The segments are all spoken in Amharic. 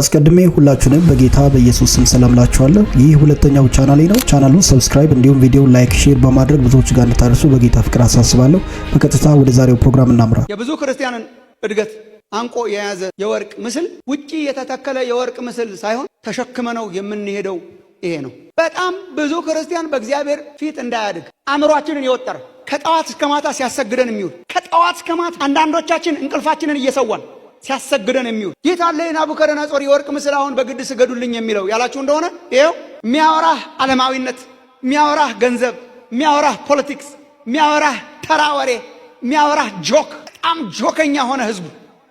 አስቀድሜ ሁላችሁንም በጌታ በኢየሱስ ስም ሰላም ላችኋለሁ። ይህ ሁለተኛው ቻናሌ ነው። ቻናሉን ሰብስክራይብ እንዲሁም ቪዲዮ ላይክ፣ ሼር በማድረግ ብዙዎች ጋር እንድታደርሱ በጌታ ፍቅር አሳስባለሁ። በቀጥታ ወደ ዛሬው ፕሮግራም እናምራ። የብዙ ክርስቲያንን እድገት አንቆ የያዘ የወርቅ ምስል ውጪ የተተከለ የወርቅ ምስል ሳይሆን ተሸክመነው የምንሄደው ይሄ ነው። በጣም ብዙ ክርስቲያን በእግዚአብሔር ፊት እንዳያድግ አእምሯችንን የወጠረ ከጠዋት እስከ ማታ ሲያሰግደን የሚውል ከጠዋት እስከ ማታ አንዳንዶቻችን እንቅልፋችንን እየሰዋን ሲያሰግደን የሚውል ጌታ አለ። የናቡከደነጾር የወርቅ ምስል አሁን በግድ ስገዱልኝ የሚለው ያላችሁ እንደሆነ ይኸው ሚያወራህ ዓለማዊነት፣ ሚያወራህ ገንዘብ፣ ሚያወራህ ፖለቲክስ፣ ሚያወራህ ተራ ወሬ፣ ሚያወራህ ጆክ፣ በጣም ጆከኛ ሆነ ህዝቡ።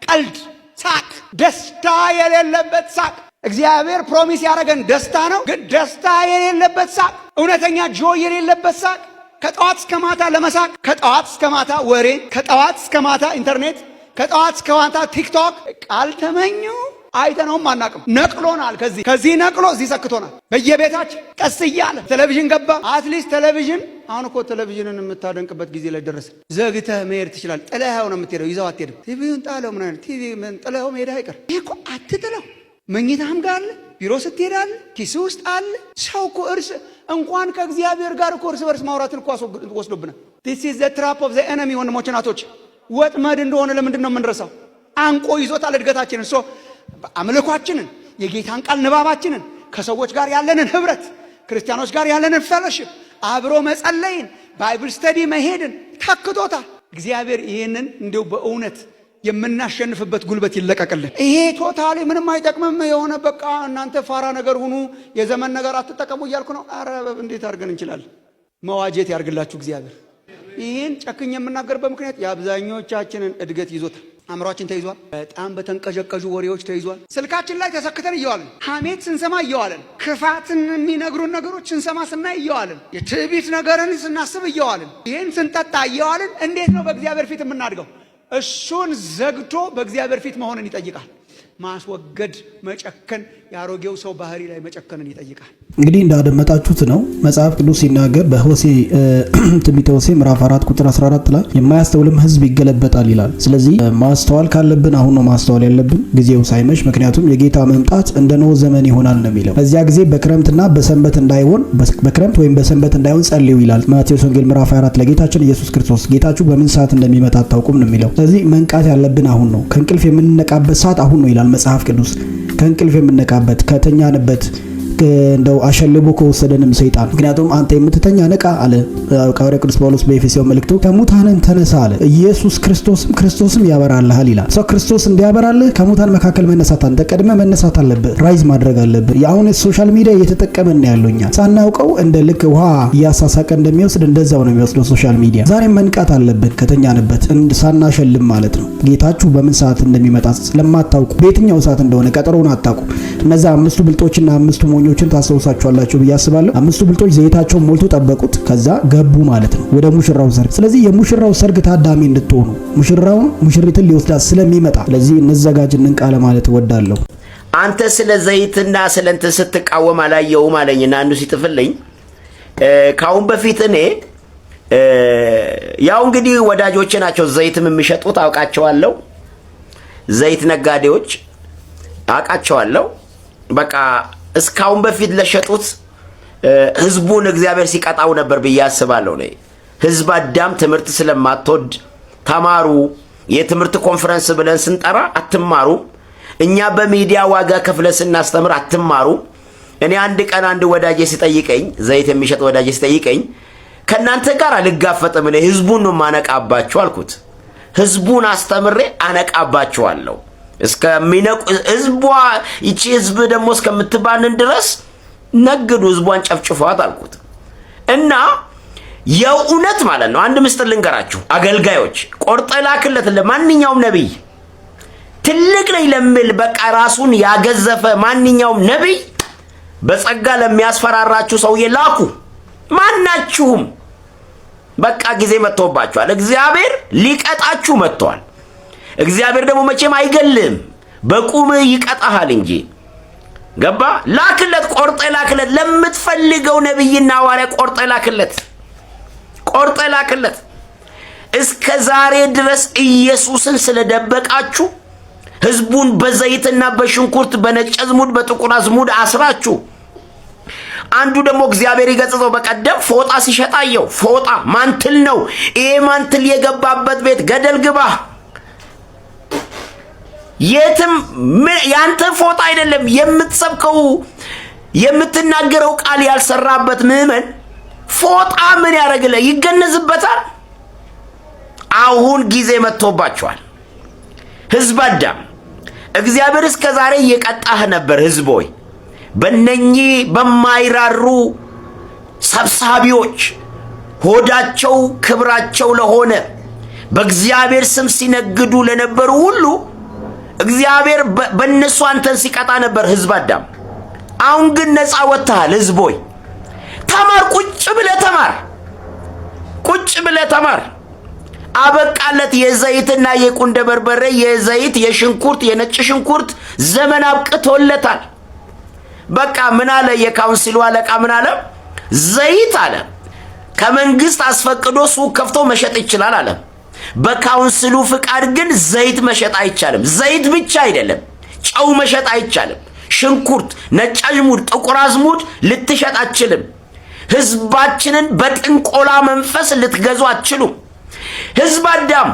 ቀልድ፣ ሳቅ፣ ደስታ የሌለበት ሳቅ። እግዚአብሔር ፕሮሚስ ያደረገን ደስታ ነው፣ ግን ደስታ የሌለበት ሳቅ፣ እውነተኛ ጆ የሌለበት ሳቅ፣ ከጠዋት እስከ ማታ ለመሳቅ፣ ከጠዋት እስከ ማታ ወሬ፣ ከጠዋት እስከ ማታ ኢንተርኔት ከጠዋት እስከ ማታ ቲክቶክ ቃልተመኙ አይተነውም አናቅም። ነቅሎናል። ከዚህ ከዚህ ነቅሎ እዚህ ሰክቶናል። በየቤታችን ቀስ እያለ ቴሌቪዥን ገባ። አትሊስት ቴሌቪዥን አሁን እኮ ቴሌቪዥንን የምታደንቅበት ጊዜ ላይ ደረሰ። ዘግተህ መሄድ ትችላል። ጥለኸው ነው የምትሄደው፣ ይዘው አትሄድም። ቲቪውን ጣለው ምን አይነት ቲቪ ምን ጥለኸው መሄድ አይቀር። ይህ እኮ አትጥለው፣ መኝታህም ጋር አለ፣ ቢሮ ስትሄዳል፣ ኪስ ውስጥ አለ። ሰው እኮ እርስ እንኳን ከእግዚአብሔር ጋር እኮ እርስ በርስ ማውራትን እኮ ወስዶብናል። ዲስ ኢዝ ዘ ትራፕ ኦፍ ዘ ኤነሚ ወንድሞች ናቶች ወጥመድ እንደሆነ ለምንድን ነው የምንረሳው? አንቆ ይዞታል እድገታችንን። ሶ አምልኳችንን፣ የጌታን ቃል ንባባችንን፣ ከሰዎች ጋር ያለንን ህብረት፣ ክርስቲያኖች ጋር ያለንን ፌሎሺፕ፣ አብሮ መጸለይን፣ ባይብል ስተዲ መሄድን ታክቶታል። እግዚአብሔር ይህንን እንዲሁ በእውነት የምናሸንፍበት ጉልበት ይለቀቅልን። ይሄ ቶታሊ ምንም አይጠቅምም የሆነ በቃ እናንተ ፋራ ነገር ሁኑ፣ የዘመን ነገር አትጠቀሙ እያልኩ ነው። አረ እንዴት አድርገን እንችላለን? መዋጀት ያርግላችሁ እግዚአብሔር። ይህን ጨክኝ የምናገርበት ምክንያት የአብዛኞቻችንን እድገት ይዞታል። አእምሯችን ተይዟል። በጣም በተንቀዠቀዡ ወሬዎች ተይዟል። ስልካችን ላይ ተሰክተን እየዋልን፣ ሐሜት ስንሰማ እየዋልን፣ ክፋትን የሚነግሩን ነገሮች ስንሰማ ስናይ እየዋልን፣ የትዕቢት ነገርን ስናስብ እየዋልን፣ ይህን ስንጠጣ እየዋልን፣ እንዴት ነው በእግዚአብሔር ፊት የምናድገው? እሱን ዘግቶ በእግዚአብሔር ፊት መሆንን ይጠይቃል። ማስወገድ፣ መጨከን የአሮጌው ሰው ባህሪ ላይ መጨከንን ይጠይቃል። እንግዲህ እንዳደመጣችሁት ነው መጽሐፍ ቅዱስ ሲናገር በሆሴ ትንቢተ ሆሴ ምዕራፍ 4 ቁጥር 14 ላይ የማያስተውልም ሕዝብ ይገለበጣል ይላል። ስለዚህ ማስተዋል ካለብን አሁን ነው ማስተዋል ያለብን፣ ጊዜው ሳይመሽ። ምክንያቱም የጌታ መምጣት እንደ ኖህ ዘመን ይሆናል ነው የሚለው። በዚያ ጊዜ በክረምትና በሰንበት እንዳይሆን በክረምት ወይም በሰንበት እንዳይሆን ጸልዩ ይላል ማቴዎስ ወንጌል ምዕራፍ 24 ለጌታችን ኢየሱስ ክርስቶስ ጌታችሁ በምን ሰዓት እንደሚመጣ አታውቁም ነው የሚለው። ስለዚህ መንቃት ያለብን አሁን ነው። ከእንቅልፍ የምንነቃበት ሰዓት አሁን ነው ይላል መጽሐፍ ቅዱስ። ከእንቅልፍ የምነቃበት ከተኛንበት እንደው አሸልቦ ከወሰደንም ሰይጣን ምክንያቱም አንተ የምትተኛ ንቃ አለ ሐዋርያው ቅዱስ ጳውሎስ በኤፌሶን መልእክቱ ከሙታንን ተነሳ አለ ኢየሱስ ክርስቶስም ክርስቶስም ያበራልሃል ይላል ሰው ክርስቶስ እንዲያበራልህ ከሙታን መካከል መነሳት አንተ ቀድመ መነሳት አለብህ ራይዝ ማድረግ አለብህ የአሁን ሶሻል ሚዲያ እየተጠቀምን ያለው እኛ ሳናውቀው እንደ ልክ ውሃ እያሳሳቀ እንደሚወስድ እንደዛው ነው የሚወስደው ሶሻል ሚዲያ ዛሬም መንቃት አለብን ከተኛንበት ሳናሸልም ማለት ነው ጌታችሁ በምን ሰዓት እንደሚመጣ ስለማታውቁ በየትኛው ሰዓት እንደሆነ ቀጠሮውን አታውቁ እነዛ አምስቱ ብልጦችና አምስቱ ሞኞ ጓደኞችን ታስታውሳቸዋላቸው ብዬ አስባለሁ። አምስቱ ብልጦች ዘይታቸውን ሞልቶ ጠበቁት፣ ከዛ ገቡ ማለት ነው ወደ ሙሽራው ሰርግ። ስለዚህ የሙሽራው ሰርግ ታዳሚ እንድትሆኑ ሙሽራውን ሙሽሪትን ሊወስዳት ስለሚመጣ ስለዚህ እንዘጋጅንን ቃለ ማለት እወዳለሁ። አንተ ስለ ዘይትና ስለ እንትን ስትቃወም አላየውም አለኝና አንዱ ሲጥፍልኝ ካሁን በፊት እኔ ያው እንግዲህ ወዳጆቼ ናቸው ዘይትም የሚሸጡት አውቃቸዋለሁ። ዘይት ነጋዴዎች አውቃቸዋለሁ። በቃ እስካሁን በፊት ለሸጡት ህዝቡን እግዚአብሔር ሲቀጣው ነበር ብዬ አስባለሁ። ነ ህዝብ አዳም ትምህርት ስለማትወድ ተማሩ የትምህርት ኮንፈረንስ ብለን ስንጠራ አትማሩ እኛ በሚዲያ ዋጋ ከፍለ ስናስተምር አትማሩ እኔ አንድ ቀን አንድ ወዳጄ ሲጠይቀኝ፣ ዘይት የሚሸጥ ወዳጄ ሲጠይቀኝ ከእናንተ ጋር አልጋፈጥም፣ እኔ ህዝቡን ነው አልኩት። ህዝቡን አስተምሬ አነቃባችኋለሁ። እስከሚነቁ ህዝቧ ይቺ ህዝብ ደግሞ እስከምትባንን ድረስ ነግዱ፣ ህዝቧን ጨፍጭፏት አልኩት እና የእውነት ማለት ነው። አንድ ምስጢር ልንገራችሁ አገልጋዮች፣ ቆርጠ ላክለት ለማንኛውም ነቢይ ትልቅ ነኝ ለሚል በቃ ራሱን ያገዘፈ ማንኛውም ነቢይ በጸጋ ለሚያስፈራራችሁ ሰውዬ ላኩ። ማናችሁም በቃ ጊዜ መጥቶባችኋል። እግዚአብሔር ሊቀጣችሁ መጥቷል። እግዚአብሔር ደግሞ መቼም አይገልም፣ በቁም ይቀጣሃል እንጂ ገባ። ላክለት፣ ቆርጠ ላክለት፣ ለምትፈልገው ነብይና ሐዋርያ ቆርጠ ላክለት፣ ቆርጠ ላክለት። እስከ ዛሬ ድረስ ኢየሱስን ስለደበቃችሁ ህዝቡን በዘይትና በሽንኩርት በነጭ አዝሙድ በጥቁር አዝሙድ አስራችሁ አንዱ ደግሞ እግዚአብሔር ይገጽጸው። በቀደም ፎጣ ሲሸጣየው ፎጣ ማንትል ነው። ይሄ ማንትል የገባበት ቤት ገደል ግባ የትም ያንተ ፎጣ አይደለም የምትሰብከው የምትናገረው ቃል ያልሰራበት ምዕመን ፎጣ ምን ያደርግለ ይገነዝበታል። አሁን ጊዜ መጥቶባቸዋል። ህዝብ አዳም እግዚአብሔር እስከ ዛሬ እየቀጣህ ነበር። ህዝብ ሆይ በእነኚህ በማይራሩ ሰብሳቢዎች ሆዳቸው ክብራቸው ለሆነ በእግዚአብሔር ስም ሲነግዱ ለነበሩ ሁሉ እግዚአብሔር በእነሱ አንተን ሲቀጣ ነበር ህዝብ አዳም። አሁን ግን ነፃ ወጥተሃል። ህዝብ ሆይ ተማር፣ ቁጭ ብለ ተማር፣ ቁጭ ብለ ተማር። አበቃለት የዘይትና የቁንደ በርበሬ የዘይት የሽንኩርት የነጭ ሽንኩርት ዘመን አብቅቶለታል። በቃ ምን አለ የካውንስሉ አለቃ ምን አለ? ዘይት አለ ከመንግስት አስፈቅዶ ሱቅ ከፍቶ መሸጥ ይችላል አለ። በካውንስሉ ፍቃድ ግን ዘይት መሸጥ አይቻልም። ዘይት ብቻ አይደለም፣ ጨው መሸጥ አይቻልም። ሽንኩርት፣ ነጭ አዝሙድ፣ ጥቁር አዝሙድ ልትሸጥ አትችልም። ህዝባችንን በጥንቆላ መንፈስ ልትገዙ አትችሉም። ህዝብ አዳም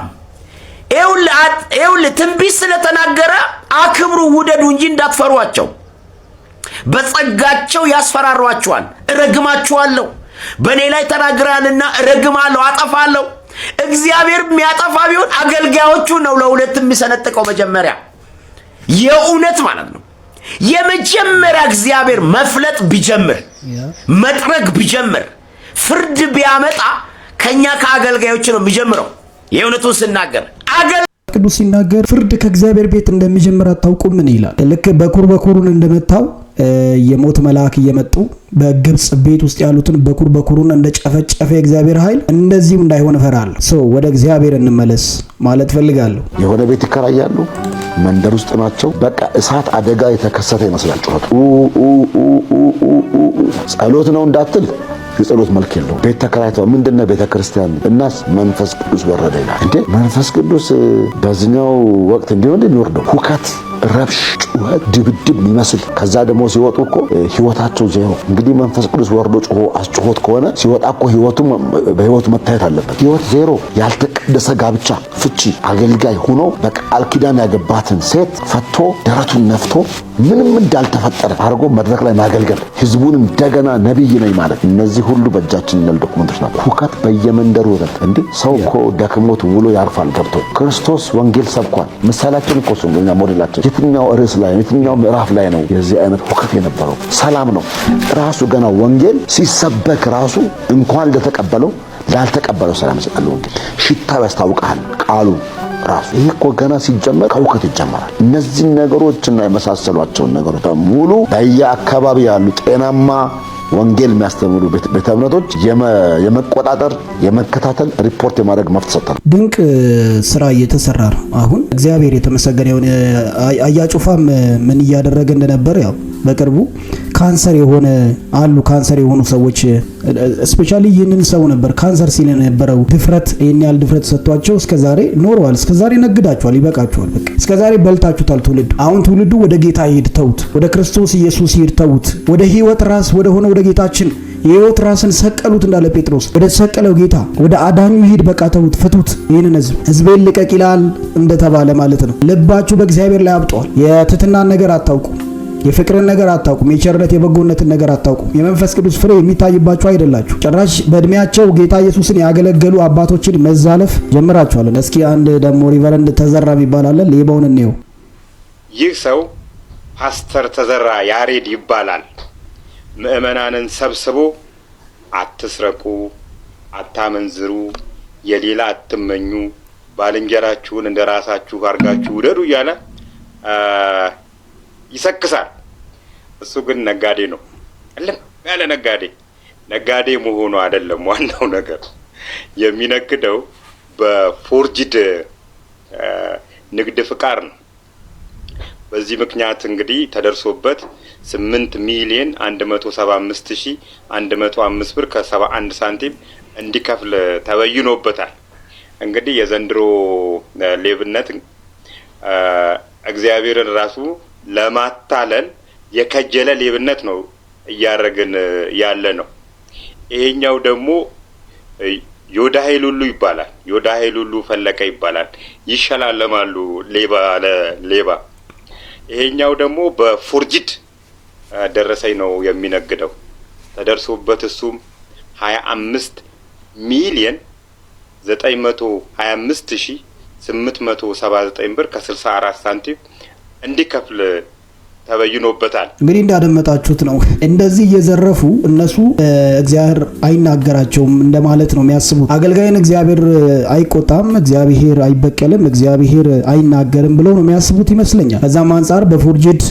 ይኸውልህ ትንቢት ስለተናገረ አክብሩ፣ ውደዱ እንጂ እንዳትፈሯቸው። በጸጋቸው ያስፈራሯችኋል፣ እረግማችኋለሁ፣ በእኔ ላይ ተናግራልና እረግማለሁ፣ አጠፋለሁ እግዚአብሔር የሚያጠፋ ቢሆን አገልጋዮቹ ነው ለሁለት የሚሰነጥቀው። መጀመሪያ የእውነት ማለት ነው። የመጀመሪያ እግዚአብሔር መፍለጥ ቢጀምር መጥረግ ቢጀምር ፍርድ ቢያመጣ ከኛ ከአገልጋዮች ነው የሚጀምረው። የእውነቱን ስናገር አገል ቅዱስ ሲናገር ፍርድ ከእግዚአብሔር ቤት እንደሚጀምር አታውቁ ምን ይላል። ልክ በኩር በኩሩን እንደመታው የሞት መልአክ እየመጡ በግብጽ ቤት ውስጥ ያሉትን በኩር በኩሩን እንደ ጨፈጨፈ የእግዚአብሔር ኃይል እንደዚሁ እንዳይሆን እፈራለሁ። ሰው ወደ እግዚአብሔር እንመለስ ማለት ፈልጋለሁ። የሆነ ቤት ይከራያሉ፣ መንደር ውስጥ ናቸው። በቃ እሳት አደጋ የተከሰተ ይመስላል። ጩኸቱ ጸሎት ነው እንዳትል የጸሎት መልክ የለው። ቤት ተከራይተው ምንድን ነው ቤተ ክርስቲያን? እናስ መንፈስ ቅዱስ ወረደ ይላል። እንዴ መንፈስ ቅዱስ በዚህኛው ወቅት እንዲሆን እንዲወርደው ሁከት ረብሽ፣ ጩኸት፣ ድብድብ ይመስል ከዛ ደግሞ ሲወጡ እኮ ህይወታቸው ዜሮ። እንግዲህ መንፈስ ቅዱስ ወርዶ ጩሆ አስጩሆት ከሆነ ሲወጣ እኮ ህይወቱ በህይወቱ መታየት አለበት። ህይወት ዜሮ፣ ያልተቀደሰ ጋብቻ፣ ፍቺ። አገልጋይ ሆኖ በቃል ኪዳን ያገባትን ሴት ፈቶ ደረቱን ነፍቶ ምንም እንዳልተፈጠረ አድርጎ መድረክ ላይ ማገልገል ህዝቡን እንደገና ነቢይ ነኝ ማለት እነዚህ ሁሉ በእጃችን ያሉ ዶክመንቶች ናቸው። ሁከት በየመንደሩ ወተት እንዲህ ሰው እኮ ደክሞት ውሎ ያርፋል ገብቶ ክርስቶስ ወንጌል ሰብኳል። ምሳሌያችን እኮ እሱ ሞዴላችን የትኛው ርዕስ ላይ የትኛው ምዕራፍ ላይ ነው የዚህ አይነት ሁከት የነበረው? ሰላም ነው ራሱ። ገና ወንጌል ሲሰበክ ራሱ እንኳን ለተቀበለው ላልተቀበለው ሰላም ይሰጣል። ወንጌል ሽታው ያስታውቃል። ቃሉ ራሱ ይህ እኮ ገና ሲጀመር ከውከት ይጀመራል። እነዚህ ነገሮችና የመሳሰሏቸውን ነገሮች በሙሉ በየአካባቢ ያሉ ጤናማ ወንጌል የሚያስተምሩ ቤተ እምነቶች የመቆጣጠር የመከታተል ሪፖርት የማድረግ መብት ሰጥቷል። ድንቅ ስራ እየተሰራ ነው። አሁን እግዚአብሔር የተመሰገነ ይሁን። አያጩፋም ምን እያደረገ እንደነበር ያው በቅርቡ ካንሰር የሆነ አሉ ካንሰር የሆኑ ሰዎች ስፔሻሊ ይህንን ሰው ነበር ካንሰር ሲል የነበረው ድፍረት ይህን ያህል ድፍረት ሰጥቷቸው እስከዛሬ ኖረዋል። እስከዛሬ ነግዳቸዋል። ይበቃቸዋል። በቃ እስከዛሬ በልታችሁታል ትውልድ። አሁን ትውልዱ ወደ ጌታ ይሄድ፣ ተውት። ወደ ክርስቶስ ኢየሱስ ይሄድ፣ ተውት። ወደ ህይወት ራስ ወደ ሆነ ወደ ጌታችን የህይወት ራስን ሰቀሉት እንዳለ ጴጥሮስ ወደ ተሰቀለው ጌታ ወደ አዳኙ ሂድ፣ በቃ ተዉት፣ ፍቱት ይህንን ህዝብ ህዝቤን ልቀቅ ይላል እንደተባለ ማለት ነው። ልባችሁ በእግዚአብሔር ላይ አብጧል። የትትናን ነገር አታውቁ። የፍቅርን ነገር አታውቁም፣ የቸርነት የበጎነትን ነገር አታውቁም፣ የመንፈስ ቅዱስ ፍሬ የሚታይባችሁ አይደላችሁ። ጭራሽ በእድሜያቸው ጌታ ኢየሱስን ያገለገሉ አባቶችን መዛለፍ ጀምራችኋለን። እስኪ አንድ ደግሞ ሪቨረንድ ተዘራ ይባላለን፣ ሌባውን እንየው። ይህ ሰው ፓስተር ተዘራ ያሬድ ይባላል። ምእመናንን ሰብስቦ አትስረቁ፣ አታመንዝሩ፣ የሌላ አትመኙ፣ ባልንጀራችሁን እንደ ራሳችሁ አድርጋችሁ ውደዱ እያለ ይሰክሳል። እሱ ግን ነጋዴ ነው፣ እልም ያለ ነጋዴ። ነጋዴ መሆኑ አይደለም ዋናው ነገር። የሚነግደው በፎርጅድ ንግድ ፍቃድ ነው። በዚህ ምክንያት እንግዲህ ተደርሶበት ስምንት ሚሊየን አንድ መቶ ሰባ አምስት ሺ አንድ መቶ አምስት ብር ከሰባ አንድ ሳንቲም እንዲከፍል ተበይኖበታል። እንግዲህ የዘንድሮ ሌብነት እግዚአብሔርን ራሱ ለማታለል የከጀለ ሌብነት ነው እያደረግን ያለ ነው። ይሄኛው ደግሞ ዮዳሄ ሁሉ ይባላል። ዮዳሄ ሁሉ ፈለቀ ይባላል። ይሸላለማሉ ሌባ ሌባ። ይሄኛው ደግሞ በፉርጅድ ደረሰኝ ነው የሚነግደው። ተደርሶበት እሱም ሀያ አምስት ሚሊየን ዘጠኝ መቶ ሀያ አምስት ሺ ስምንት መቶ ሰባ ዘጠኝ ብር ከስልሳ አራት ሳንቲም እንዲከፍል ተበይኖበታል። እንግዲህ እንዳደመጣችሁት ነው። እንደዚህ እየዘረፉ እነሱ እግዚአብሔር አይናገራቸውም እንደማለት ነው የሚያስቡት። አገልጋይን እግዚአብሔር አይቆጣም፣ እግዚአብሔር አይበቀልም፣ እግዚአብሔር አይናገርም ብለው ነው የሚያስቡት ይመስለኛል። ከዛም አንጻር በፎርጅድ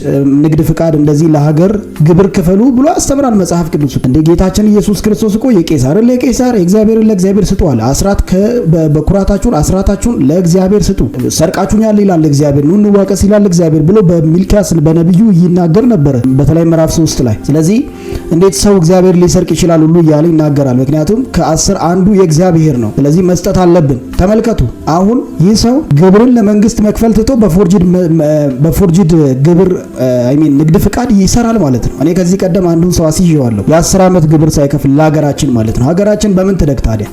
ንግድ ፍቃድ እንደዚህ ለሀገር ግብር ክፈሉ ብሎ ያስተምራል መጽሐፍ ቅዱስ። እንደ ጌታችን ኢየሱስ ክርስቶስ እኮ የቄሳር ለቄሳር የእግዚአብሔርን ለእግዚአብሔር ስጡ አለ። አስራት በኩራታችሁን አስራታችሁን ለእግዚአብሔር ስጡ፣ ሰርቃችሁኛል ይላል እግዚአብሔር፣ ኑ እንዋቀስ ይላል እግዚአብሔር ብሎ በሚልኪያስ በነቢዩ ነቢዩ ይናገር ነበረ፣ በተለይ ምዕራፍ 3 ላይ። ስለዚህ እንዴት ሰው እግዚአብሔር ሊሰርቅ ይችላል ሁሉ እያለ ይናገራል። ምክንያቱም ከአስር አንዱ የእግዚአብሔር ነው። ስለዚህ መስጠት አለብን። ተመልከቱ፣ አሁን ይህ ሰው ግብርን ለመንግስት መክፈል ትቶ በፎርጅድ ግብር ንግድ ፍቃድ ይሰራል ማለት ነው። እኔ ከዚህ ቀደም አንዱን ሰው አስይዤዋለሁ የአስር ዓመት ግብር ሳይከፍል ለሀገራችን ማለት ነው። ሀገራችን በምን ትደግ ታዲያ?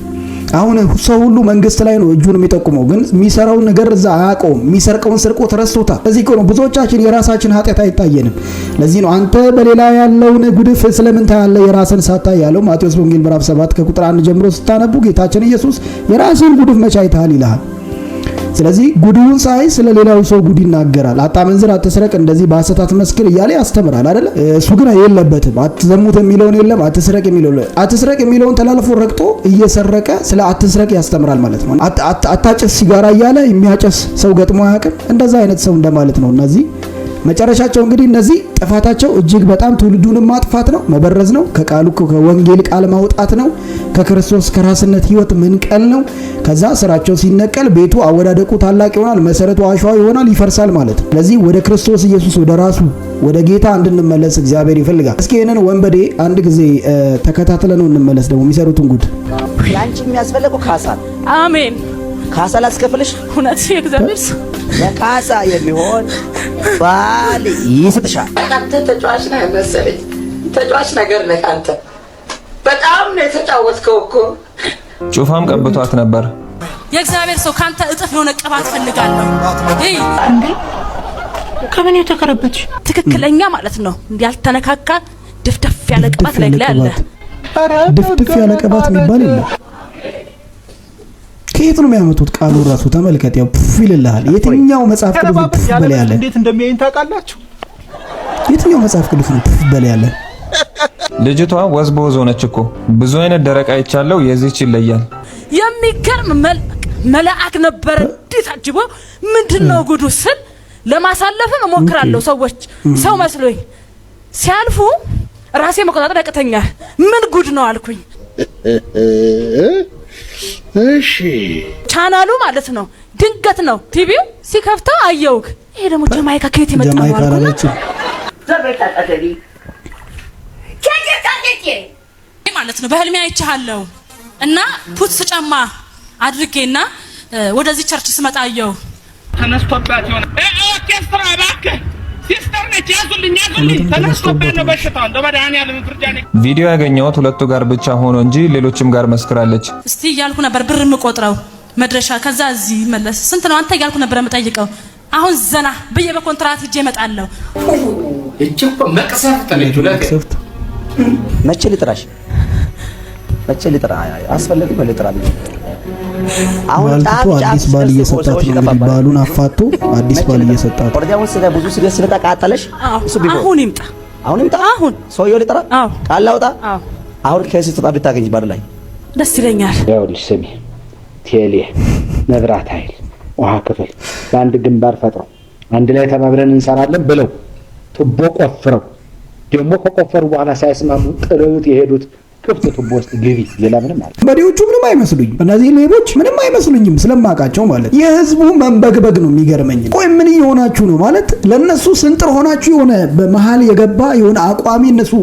አሁን ሰው ሁሉ መንግስት ላይ ነው እጁን የሚጠቁመው፣ ግን የሚሰራውን ነገር እዛ አያውቀውም። የሚሰርቀውን ስርቆት ረስቶታል። ለዚህ ነው ብዙዎቻችን የራሳችን ኃጢአት አይታየንም። ለዚህ ነው አንተ በሌላ ያለውን ጉድፍ ስለምን ታያለህ የራስን ሳታይ ያለው ማቴዎስ ወንጌል ምዕራፍ 7 ከቁጥር 1 ጀምሮ ስታነቡ ጌታችን ኢየሱስ የራስን ጉድፍ መቼ አይተሃል ይልሃል። ስለዚህ ጉድውን ሳይ ስለ ሌላው ሰው ጉድ ይናገራል። አታመንዝር፣ አትስረቅ፣ እንደዚህ በሐሰት አትመስክር እያለ ያስተምራል አይደለ? እሱ ግን የለበትም። አትዘሙት የሚለውን የለም፣ አትስረቅ የሚለው አትስረቅ የሚለውን ተላልፎ ረግጦ እየሰረቀ ስለ አትስረቅ ያስተምራል ማለት ነው። አታጨስ ሲጋራ እያለ የሚያጨስ ሰው ገጥሞ አያውቅም። እንደዛ አይነት ሰው እንደማለት ነው እነዚህ መጨረሻቸው እንግዲህ እነዚህ ጥፋታቸው እጅግ በጣም ትውልዱንም ማጥፋት ነው፣ መበረዝ ነው፣ ከቃሉ ከወንጌል ቃል ማውጣት ነው፣ ከክርስቶስ ከራስነት ህይወት መንቀል ነው። ከዛ ስራቸው ሲነቀል ቤቱ አወዳደቁ ታላቅ ይሆናል፣ መሰረቱ አሸዋ ይሆናል፣ ይፈርሳል ማለት ነው። ስለዚህ ወደ ክርስቶስ ኢየሱስ ወደ ራሱ ወደ ጌታ እንድንመለስ እግዚአብሔር ይፈልጋል። እስኪ ይህንን ወንበዴ አንድ ጊዜ ተከታትለ ነው እንመለስ ደግሞ የሚሰሩትን ጉድ። ለአንቺ የሚያስፈልገው ካሳ አሜን። ካሳ ላስከፍልሽ። እውነት የእግዚአብሔር ለካሳ የሚሆን ባል ይስጥሻል። አንተ ተጫዋች ነህ መሰለኝ። ተጫዋች ነገር ነህ አንተ። በጣም ነው የተጫወትከው እኮ። ጩፋም ቀብቷት ነበር። የእግዚአብሔር ሰው ካንተ እጥፍ የሆነ ቅባት ፈልጋለሁ። ከምን የተከረበትሽ? ትክክለኛ ማለት ነው። ያልተነካካ ድፍድፍ ያለ ቅባት ላይ አለ። ድፍድፍ ያለ ቅባት የሚባል የለም። ከየት ነው የሚያመጡት? ቃሉ ራሱ ተመልከት ያው ይልልሃል። የትኛው መጽሐፍ ቅዱስ ፕፍ በል ያለ? እንዴት እንደሚያይን ታውቃላችሁ? የትኛው መጽሐፍ ቅዱስ ነው ፕፍ በል ያለ? ልጅቷ ወዝ በወዝ ሆነች እኮ ብዙ አይነት ደረቅ አይቻለው። የዚህች ይለያል። የሚገርም መልአክ ነበረ እንዲህ ታጅቦ። ምንድን ነው ጉዱ ስል ለማሳለፍም እሞክራለሁ። ሰዎች ሰው መስሎኝ ሲያልፉ ራሴ መቆጣጠር ያቅተኛል። ምን ጉድ ነው አልኩኝ። እሺ ቻናሉ ማለት ነው። ድንገት ነው ቲቪው ሲከፍተው አየውክ። ይሄ ደግሞ ጀማይካ ከየት የመጣ ነው አልኩ። ማለት ነው በህልሜ አይቻለሁ እና ፑትስ ጫማ አድርጌና ወደዚህ ቸርች ስመጣ አየው ተነስቶባት ይሆናል ቪዲዮ ያገኘሁት ሁለቱ ጋር ብቻ ሆኖ እንጂ ሌሎችም ጋር መስክራለች። እስቲ እያልኩ ነበር ብር የምቆጥረው መድረሻ፣ ከዛ እዚህ መለስ ስንት ነው አንተ እያልኩ ነበር የምጠይቀው። አሁን ዘና ብዬ በኮንትራት ሂጄ እመጣለሁ። መቅሰፍት መቼ ልጥራሽ? መቼ ልጥራ? አስፈለግም ልጥራ አሁን አዲስ ባል እየሰጣት ነው። እንግዲህ ባሉን አፋቶ አዲስ ባል እየሰጣት ብዙ ስለተቃጠለሽ አሁን ይምጣ፣ አሁን ይምጣ፣ አሁን ሰውዬው ሊጠራ ቃል ላውጣ። አሁን ከዚህ ተጣብ ልታገኝ ባል ላይ ደስ ይለኛል። ይኸውልሽ ስሚ፣ ቴሌ፣ መብራት ኃይል፣ ውሃ ክፍል ለአንድ ግንባር ፈጥረው አንድ ላይ ተባብረን እንሰራለን ብለው ቱቦ ቆፍረው ደግሞ ከቆፈሩ በኋላ ሳይስማሙ ጥለውት የሄዱት ክፍት ቱቦ ውስጥ ግቢ፣ ሌላ ምንም አለ። መሪዎቹ ምንም አይመስሉኝም፣ እነዚህ ሌቦች ምንም አይመስሉኝም ስለማውቃቸው ማለት። የህዝቡ መንበግበግ ነው የሚገርመኝ። ቆይ ምን እየሆናችሁ ነው ማለት ለእነሱ ስንጥር ሆናችሁ የሆነ በመሀል የገባ የሆነ አቋሚ እነሱ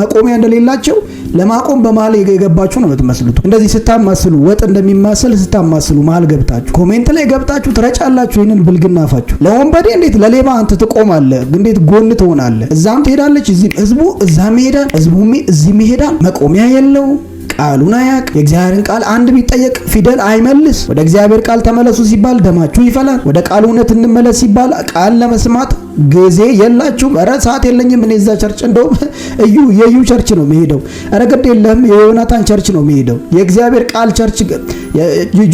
መቆሚያ እንደሌላቸው ለማቆም በመሀል የገባችሁ ነው የምትመስሉት። እንደዚህ ስታማስሉ ወጥ እንደሚማሰል ስታማስሉ መሀል ገብታችሁ ኮሜንት ላይ ገብታችሁ ትረጫላችሁ። ይህንን ብልግናፋችሁ ለወንበዴ እንዴት ለሌባ አንተ ትቆማለህ? እንዴት ጎን ትሆናለህ? እዛም ትሄዳለች፣ ህዝቡ እዛም ይሄዳል፣ ህዝቡ እዚህም ይሄዳል። 我明天来喽。ቃሉን አያቅ። የእግዚአብሔርን ቃል አንድ ቢጠየቅ ፊደል አይመልስ። ወደ እግዚአብሔር ቃል ተመለሱ ሲባል ደማችሁ ይፈላል። ወደ ቃሉ እውነት እንመለስ ሲባል ቃል ለመስማት ጊዜ የላችሁም። ኧረ ሰዓት የለኝም እኔ እዛ ቸርች እንደውም እዩ የዩ ቸርች ነው የሚሄደው። ኧረ ግድ የለም የዮናታን ቸርች ነው የሚሄደው። የእግዚአብሔር ቃል ቸርች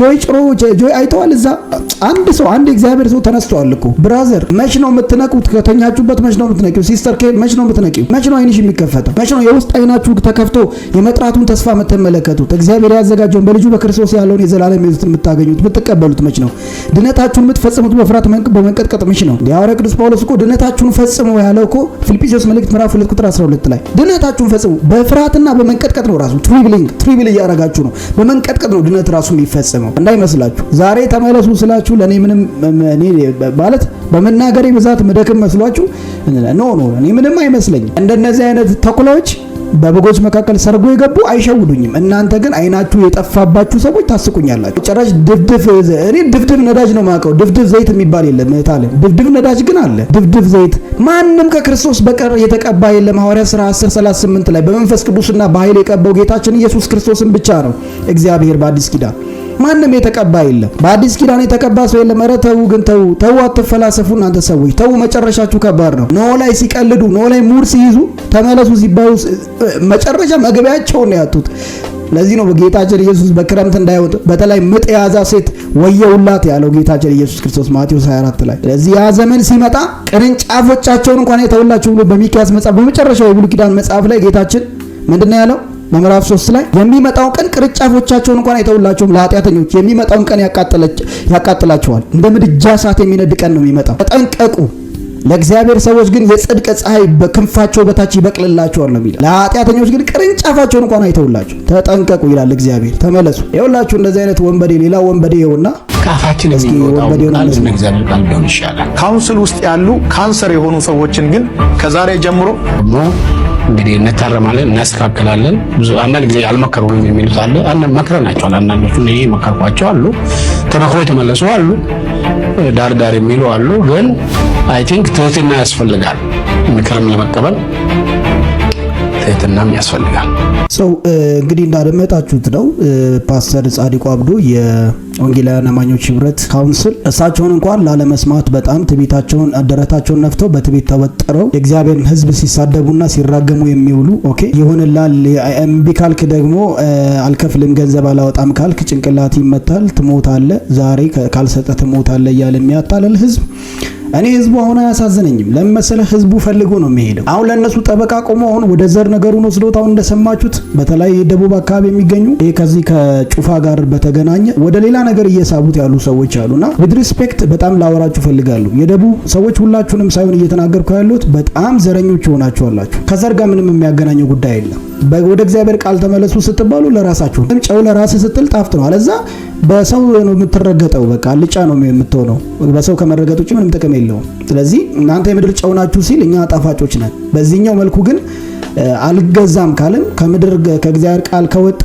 ጆይ ጭሮ ጆይ አይተዋል። እዛ አንድ ሰው አንድ የእግዚአብሔር ሰው ተነስተዋል እኮ ብራዘር። መች ነው የምትነቁት? ከተኛችሁበት መች ነው የምትነቂው? ሲስተር መች ነው የምትነቂው? መች ነው አይንሽ የሚከፈተው? መች ነው የውስጥ አይናችሁ ተከፍቶ የመጥራቱን ተስፋ የምትመለከቱት እግዚአብሔር ያዘጋጀውን በልጁ በክርስቶስ ያለውን የዘላለም ሕይወትን የምታገኙት የምትቀበሉት መች ነው? ድነታችሁን የምትፈጽሙት በፍርሃት በመንቀጥቀጥ መች ነው? ሐዋርያው ቅዱስ ጳውሎስ እኮ ድነታችሁን ፈጽሙ ያለው እኮ ፊልጵስዩስ መልእክት ምዕራፍ 2 ቁጥር 12 ላይ ድነታችሁን ፈጽሙ በፍርሃትና በመንቀጥቀጥ ነው። ራሱ ትሪብሊንግ ትሪብል እያረጋችሁ ነው። በመንቀጥቀጥ ነው ድነት ራሱ የሚፈጽመው እንዳይመስላችሁ። ዛሬ ተመለሱ ስላችሁ ለእኔ ምንም እኔ ማለት በመናገሬ ብዛት መደክም መስሏችሁ ኖ ኖ እኔ ምንም አይመስለኝም። እንደነዚህ አይነት ተኩላዎች በበጎች መካከል ሰርጎ የገቡ አይሸውዱኝም። እናንተ ግን አይናችሁ የጠፋባችሁ ሰዎች ታስቁኛላችሁ። ጭራሽ ድፍድፍ እኔ ድፍድፍ ነዳጅ ነው ማቀው። ድፍድፍ ዘይት የሚባል የለም ታለም ድፍድፍ ነዳጅ ግን አለ። ድፍድፍ ዘይት ማንም ከክርስቶስ በቀር የተቀባ የለም። ሐዋርያ ሥራ 10 38 ላይ በመንፈስ ቅዱስና በኃይል የቀባው ጌታችን ኢየሱስ ክርስቶስን ብቻ ነው እግዚአብሔር በአዲስ ኪዳን ማንም የተቀባ የለም። በአዲስ ኪዳን የተቀባ ሰው የለም። ኧረ ተዉ ግን ተዉ ተዉ፣ አትፈላሰፉ እናንተ ሰዎች ተዉ፣ መጨረሻችሁ ከባድ ነው። ኖ ላይ ሲቀልዱ፣ ኖ ላይ ሙር ሲይዙ፣ ተመለሱ ሲባሉ መጨረሻ መግቢያቸውን ነው ያጡት። ለዚህ ነው ጌታችን ኢየሱስ በክረምት እንዳይወጥ በተለይ ምጥ የያዛ ሴት ወየውላት ያለው ጌታችን ኢየሱስ ክርስቶስ ማቴዎስ 24 ላይ። ስለዚህ ያ ዘመን ሲመጣ ቅርንጫፎቻቸውን እንኳን የተውላችሁ ብሎ በሚክያስ መጽሐፍ በመጨረሻው የብሉይ ኪዳን መጽሐፍ ላይ ጌታችን ምንድን ነው ያለው? በምዕራፍ 3 ላይ የሚመጣው ቀን ቅርንጫፎቻቸውን እንኳን አይተውላቸውም። ለኃጢአተኞች የሚመጣውን ቀን ያቃጥላቸዋል። እንደ ምድጃ እሳት የሚነድ ቀን ነው የሚመጣው። ተጠንቀቁ። ለእግዚአብሔር ሰዎች ግን የጽድቅ ፀሐይ በክንፋቸው በታች ይበቅልላቸዋል ነው የሚለው። ለኃጢአተኞች ግን ቅርንጫፋቸውን እንኳን አይተውላቸው። ተጠንቀቁ ይላል እግዚአብሔር። ተመለሱ። ይኸውላችሁ እንደዚህ አይነት ወንበዴ ሌላ ወንበዴ ይኸውና ከአፋችን የሚወጣው ቃል ስለ እግዚአብሔር ቃል ሊሆን ይሻላል። ካውንስል ውስጥ ያሉ ካንሰር የሆኑ ሰዎችን ግን ከዛሬ ጀምሮ እንግዲህ እንታረማለን፣ እናስተካከላለን። ብዙ አንዳንድ ጊዜ አልመከሩንም የሚሉት አለ። አንዳንድ መክረናቸዋል። አንዳንዶቹ እኔ መከርኳቸው አሉ። ተመክሮ የተመለሱ አሉ። ዳር ዳር የሚሉ አሉ። ግን አይ ቲንክ ትህትና ያስፈልጋል ምክርም ለመቀበል ትህትናም ያስፈልጋል። ሰው እንግዲህ እንዳደመጣችሁት ነው ፓስተር ጻድቁ አብዱ የወንጌላውያን አማኞች ህብረት ካውንስል። እሳቸውን እንኳን ላለመስማት በጣም ትቤታቸውን አደረታቸውን ነፍተው በትቤት ተወጥረው የእግዚአብሔርን ህዝብ ሲሳደቡና ሲራገሙ የሚውሉ ኦኬ ይሆንላል። እምቢ ካልክ ደግሞ አልከፍልም ገንዘብ አላወጣም ካልክ ጭንቅላት ይመታል፣ ትሞታለህ፣ ዛሬ ካልሰጠ ትሞታለህ እያለ የሚያጣለል ህዝብ እኔ ህዝቡ አሁን አያሳዝነኝም። ለመሰለ ህዝቡ ፈልጎ ነው የሚሄደው። አሁን ለእነሱ ጠበቃ ቆሞ አሁን ወደ ዘር ነገሩን ወስዶት አሁን እንደሰማችሁት በተለይ የደቡብ አካባቢ የሚገኙ ይሄ ከዚህ ከጩፋ ጋር በተገናኘ ወደ ሌላ ነገር እየሳቡት ያሉ ሰዎች አሉና ዊድ ሪስፔክት በጣም ላወራችሁ ፈልጋለሁ። የደቡብ ሰዎች ሁላችሁንም ሳይሆን እየተናገርኩ ያሉት በጣም ዘረኞች ይሆናችኋላችሁ። ከዘር ጋር ምንም የሚያገናኘው ጉዳይ የለም። ወደ እግዚአብሔር ቃል ተመለሱ ስትባሉ ለራሳችሁ ነው። ጨው ለራስህ ስትል ጣፍት ነው። አለዛ በሰው ነው የምትረገጠው። በቃ አልጫ ነው የምትሆነው። በሰው ከመረገጥ ውጭ ምንም ጥቅም የለውም። ስለዚህ እናንተ የምድር ጨው ናችሁ ሲል እኛ ጣፋጮች ነን። በዚህኛው መልኩ ግን አልገዛም ካልን ከምድር ከእግዚአብሔር ቃል ከወጣ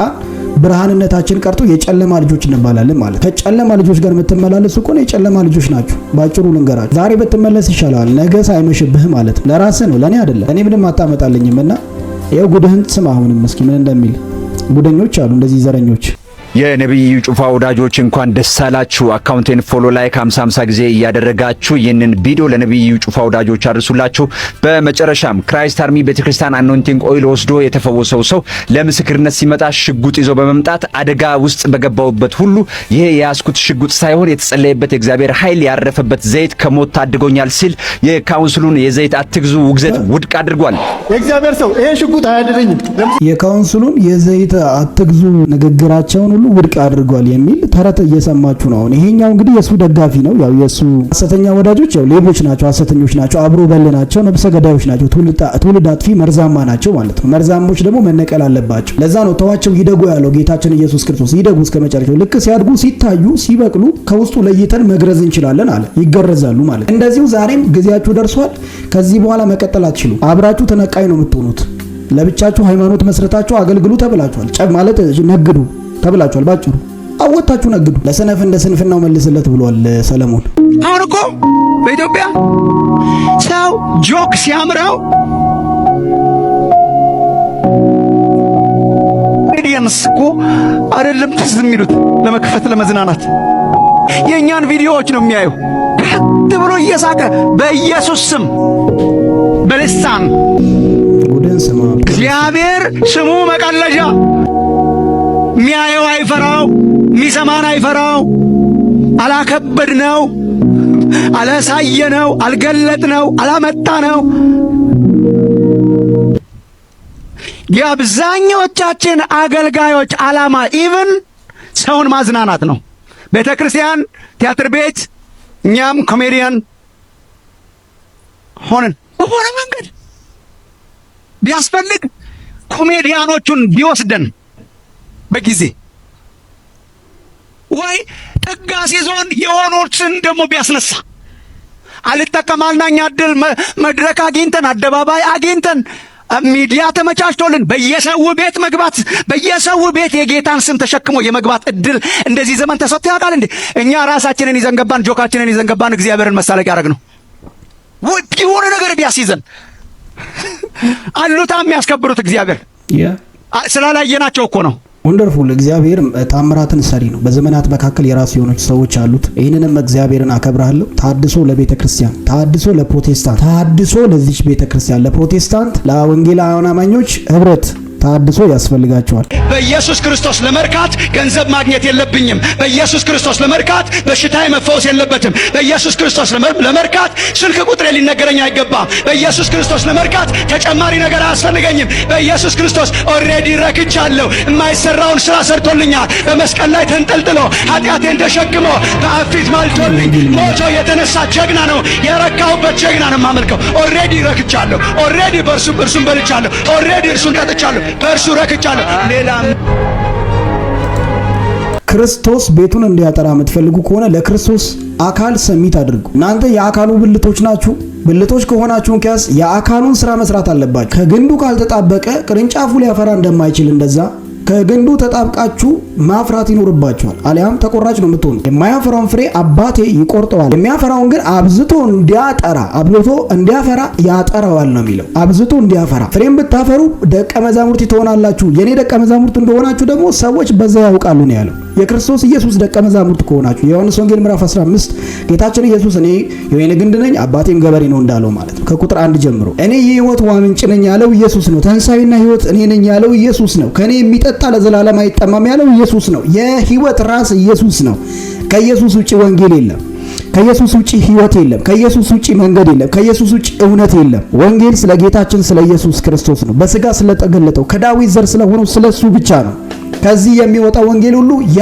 ብርሃንነታችን ቀርቶ የጨለማ ልጆች እንባላለን ማለት። ከጨለማ ልጆች ጋር የምትመላለሱ እኮ ነው የጨለማ ልጆች ናችሁ። ባጭሩ ልንገራችሁ፣ ዛሬ ብትመለስ ይሻላል፣ ነገ ሳይመሽብህ ማለት። ነው። ለራስህ ነው፣ ለእኔ አይደለም። እኔ ምንም አታመጣልኝም እና ይኸው ጉድህን ስማ። አሁንም እስኪ ምን እንደሚል ጉደኞች አሉ እንደዚህ ዘረኞች የነቢይ ጩፋ ወዳጆች እንኳን ደስ አላችሁ። አካውንቴን ፎሎ ላይክ 50 50 ጊዜ እያደረጋችሁ ይህንን ቪዲዮ ለነቢይ ጩፋ ወዳጆች አድርሱላችሁ። በመጨረሻም ክራይስት አርሚ ቤተክርስቲያን አኖንቲንግ ኦይል ወስዶ የተፈወሰው ሰው ለምስክርነት ሲመጣ ሽጉጥ ይዞ በመምጣት አደጋ ውስጥ በገባውበት ሁሉ ይሄ የያዝኩት ሽጉጥ ሳይሆን የተጸለየበት የእግዚአብሔር ኃይል ያረፈበት ዘይት ከሞት ታድጎኛል ሲል የካውንስሉን የዘይት አትግዙ ውግዘት ውድቅ አድርጓል። የእግዚአብሔር ሰው ይሄ ሽጉጥ አያድነኝም። የካውንስሉን የዘይት አትግዙ ንግግራቸውን ሁሉ ውድቅ አድርጓል የሚል ተረት እየሰማችሁ ነው። አሁን ይሄኛው እንግዲህ የእሱ ደጋፊ ነው። ያው የእሱ ሐሰተኛ ወዳጆች ያው ሌቦች ናቸው፣ ሐሰተኞች ናቸው፣ አብሮ በል ናቸው፣ ነብሰ ገዳዮች ናቸው፣ ትውልድ አጥፊ መርዛማ ናቸው ማለት ነው። መርዛሞች ደግሞ መነቀል አለባቸው። ለዛ ነው ተዋቸው ይደጉ ያለው ጌታችን ኢየሱስ ክርስቶስ። ይደጉ እስከ መጨረሻው። ልክ ሲያድጉ ሲታዩ ሲበቅሉ ከውስጡ ለይተን መግረዝ እንችላለን አለ። ይገረዛሉ ማለት እንደዚሁ ዛሬም ጊዜያችሁ ደርሷል። ከዚህ በኋላ መቀጠል አትችሉ። አብራችሁ ተነቃይ ነው የምትሆኑት። ለብቻችሁ ሃይማኖት መስረታችሁ አገልግሉ ተብላችኋል። ጨ ማለት ነግዱ ተብላችኋል ባጭሩ። አወታችሁን ነግዱ ለሰነፍ እንደ ስንፍናው መልስለት ብሏል ሰለሞን። አሁን እኮ በኢትዮጵያ ሰው ጆክ ሲያምረው ኮሜዲያንስ እኮ አይደለም ትዝ የሚሉት ለመክፈት ለመዝናናት የእኛን ቪዲዮዎች ነው የሚያዩ። ከት ብሎ እየሳቀ በኢየሱስ ስም በልሳን እግዚአብሔር ስሙ መቀለጃ ሚያየው አይፈራው፣ ሚሰማን አይፈራው። አላከበድ ነው ነው አላሳየ አልገለጥ ነው አላመጣ ነው። የአብዛኛዎቻችን አገልጋዮች ዓላማ ኢቭን ሰውን ማዝናናት ነው። ቤተ ክርስቲያን፣ ቲያትር ቤት፣ እኛም ኮሜዲያን ሆንን። በሆነ መንገድ ቢያስፈልግ ኮሜዲያኖቹን ቢወስደን በጊዜ ወይ ጥጋሴ ዞን የሆኖችን ደግሞ ቢያስነሳ አልጠቀማልና እኛ እድል መድረክ አግኝተን አደባባይ አግኝተን ሚዲያ ተመቻችቶልን በየሰው ቤት መግባት በየሰው ቤት የጌታን ስም ተሸክሞ የመግባት እድል እንደዚህ ዘመን ተሰጥቶ ያውቃል እንዴ? እኛ ራሳችንን ይዘንገባን ጆካችንን ይዘንገባን እግዚአብሔርን መሳለቅ ያደረግ ነው። የሆነ ነገር ቢያስይዘን አሉታ የሚያስከብሩት እግዚአብሔር ስላላየናቸው እኮ ነው። ወንደርፉል እግዚአብሔር ታምራትን ሰሪ ነው። በዘመናት መካከል የራሱ የሆነች ሰዎች አሉት። ይህንንም እግዚአብሔርን አከብራለሁ። ታድሶ ለቤተ ክርስቲያን፣ ታድሶ ለፕሮቴስታንት፣ ታድሶ ለዚች ቤተ ክርስቲያን፣ ለፕሮቴስታንት፣ ለወንጌላውያን አማኞች ህብረት ታድሶ ያስፈልጋቸዋል። በኢየሱስ ክርስቶስ ለመርካት ገንዘብ ማግኘት የለብኝም። በኢየሱስ ክርስቶስ ለመርካት በሽታ መፈወስ የለበትም። በኢየሱስ ክርስቶስ ለመርካት ስልክ ቁጥሬ ሊነገረኝ አይገባም። በኢየሱስ ክርስቶስ ለመርካት ተጨማሪ ነገር አያስፈልገኝም። በኢየሱስ ክርስቶስ ኦልሬዲ ረክቻለሁ። የማይሰራውን ስራ ሰርቶልኛል። በመስቀል ላይ ተንጠልጥሎ ኃጢአቴን ተሸክሞ በአፊት ማልቶልኝ ሞቶ የተነሳ ጀግና ነው። የረካሁበት ጀግና ነው የማመልከው። ኦልሬዲ ረክቻለሁ። ኦልሬዲ በእርሱ እርሱን በልቻለሁ። ኦልሬዲ እርሱን ጠጥቻለሁ። በእርሱ ረክቻለሁ። ሌላ ክርስቶስ ቤቱን እንዲያጠራ የምትፈልጉ ከሆነ ለክርስቶስ አካል ሰሚት አድርጉ። እናንተ የአካሉ ብልቶች ናችሁ። ብልቶች ከሆናችሁ እንኪያስ የአካሉን ስራ መስራት አለባችሁ። ከግንዱ ካልተጣበቀ ቅርንጫፉ ሊያፈራ እንደማይችል እንደዛ ከግንዱ ተጣብቃችሁ ማፍራት ይኖርባችኋል። አሊያም ተቆራጭ ነው የምትሆኑ። የማያፈራውን ፍሬ አባቴ ይቆርጠዋል፣ የሚያፈራውን ግን አብዝቶ እንዲያጠራ አብዝቶ እንዲያፈራ ያጠራዋል ነው የሚለው። አብዝቶ እንዲያፈራ ፍሬም ብታፈሩ ደቀ መዛሙርት ትሆናላችሁ፣ የእኔ ደቀ መዛሙርት እንደሆናችሁ ደግሞ ሰዎች በዛ ያውቃሉ ነው ያለው። የክርስቶስ ኢየሱስ ደቀ መዛሙርት ከሆናችሁ የዮሐንስ ወንጌል ምዕራፍ 15 ጌታችን ኢየሱስ እኔ የወይን ግንድ ነኝ አባቴም ገበሬ ነው እንዳለው ማለት ነው። ከቁጥር አንድ ጀምሮ እኔ የህይወት ዋንጭ ነኝ ያለው ኢየሱስ ነው። ትንሣኤና ህይወት እኔ ነኝ ያለው ኢየሱስ ነው። ከእኔ የሚጠጣ ለዘላለም አይጠማም ያለው ኢየሱስ ነው። የህይወት ራስ ኢየሱስ ነው። ከኢየሱስ ውጭ ወንጌል የለም። ከኢየሱስ ውጪ ህይወት የለም። ከኢየሱስ ውጪ መንገድ የለም። ከኢየሱስ ውጪ እውነት የለም። ወንጌል ስለ ጌታችን ስለ ኢየሱስ ክርስቶስ ነው። በስጋ ስለተገለጠው ከዳዊት ዘር ስለሆነው ስለሱ ብቻ ነው። ከዚህ የሚወጣው ወንጌል ሁሉ ያ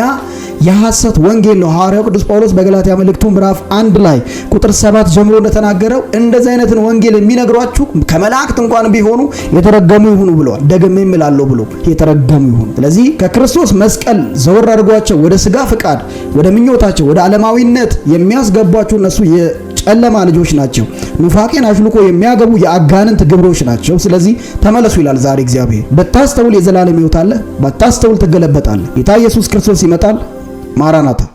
የሐሰት ወንጌል ነው። ሐዋርያው ቅዱስ ጳውሎስ በገላትያ መልእክቱ ምዕራፍ አንድ ላይ ቁጥር ሰባት ጀምሮ እንደተናገረው እንደዚህ አይነትን ወንጌል የሚነግሯችሁ ከመላእክት እንኳን ቢሆኑ የተረገሙ ይሁኑ ብለዋል። ደግሜ እላለሁ ብሎ የተረገሙ ይሁኑ። ስለዚህ ከክርስቶስ መስቀል ዘወር አድርጓቸው ወደ ስጋ ፍቃድ፣ ወደ ምኞታቸው፣ ወደ ዓለማዊነት የሚያስገቧችሁ እነሱ ጨለማ ልጆች ናቸው፣ ኑፋቄን አሽልቆ የሚያገቡ የአጋንንት ግብሮች ናቸው። ስለዚህ ተመለሱ ይላል ዛሬ እግዚአብሔር። በታስተውል የዘላለም ሕይወት አለ፣ ባታስተውል ትገለበጣለህ። ጌታ ኢየሱስ ክርስቶስ ይመጣል። ማራናታ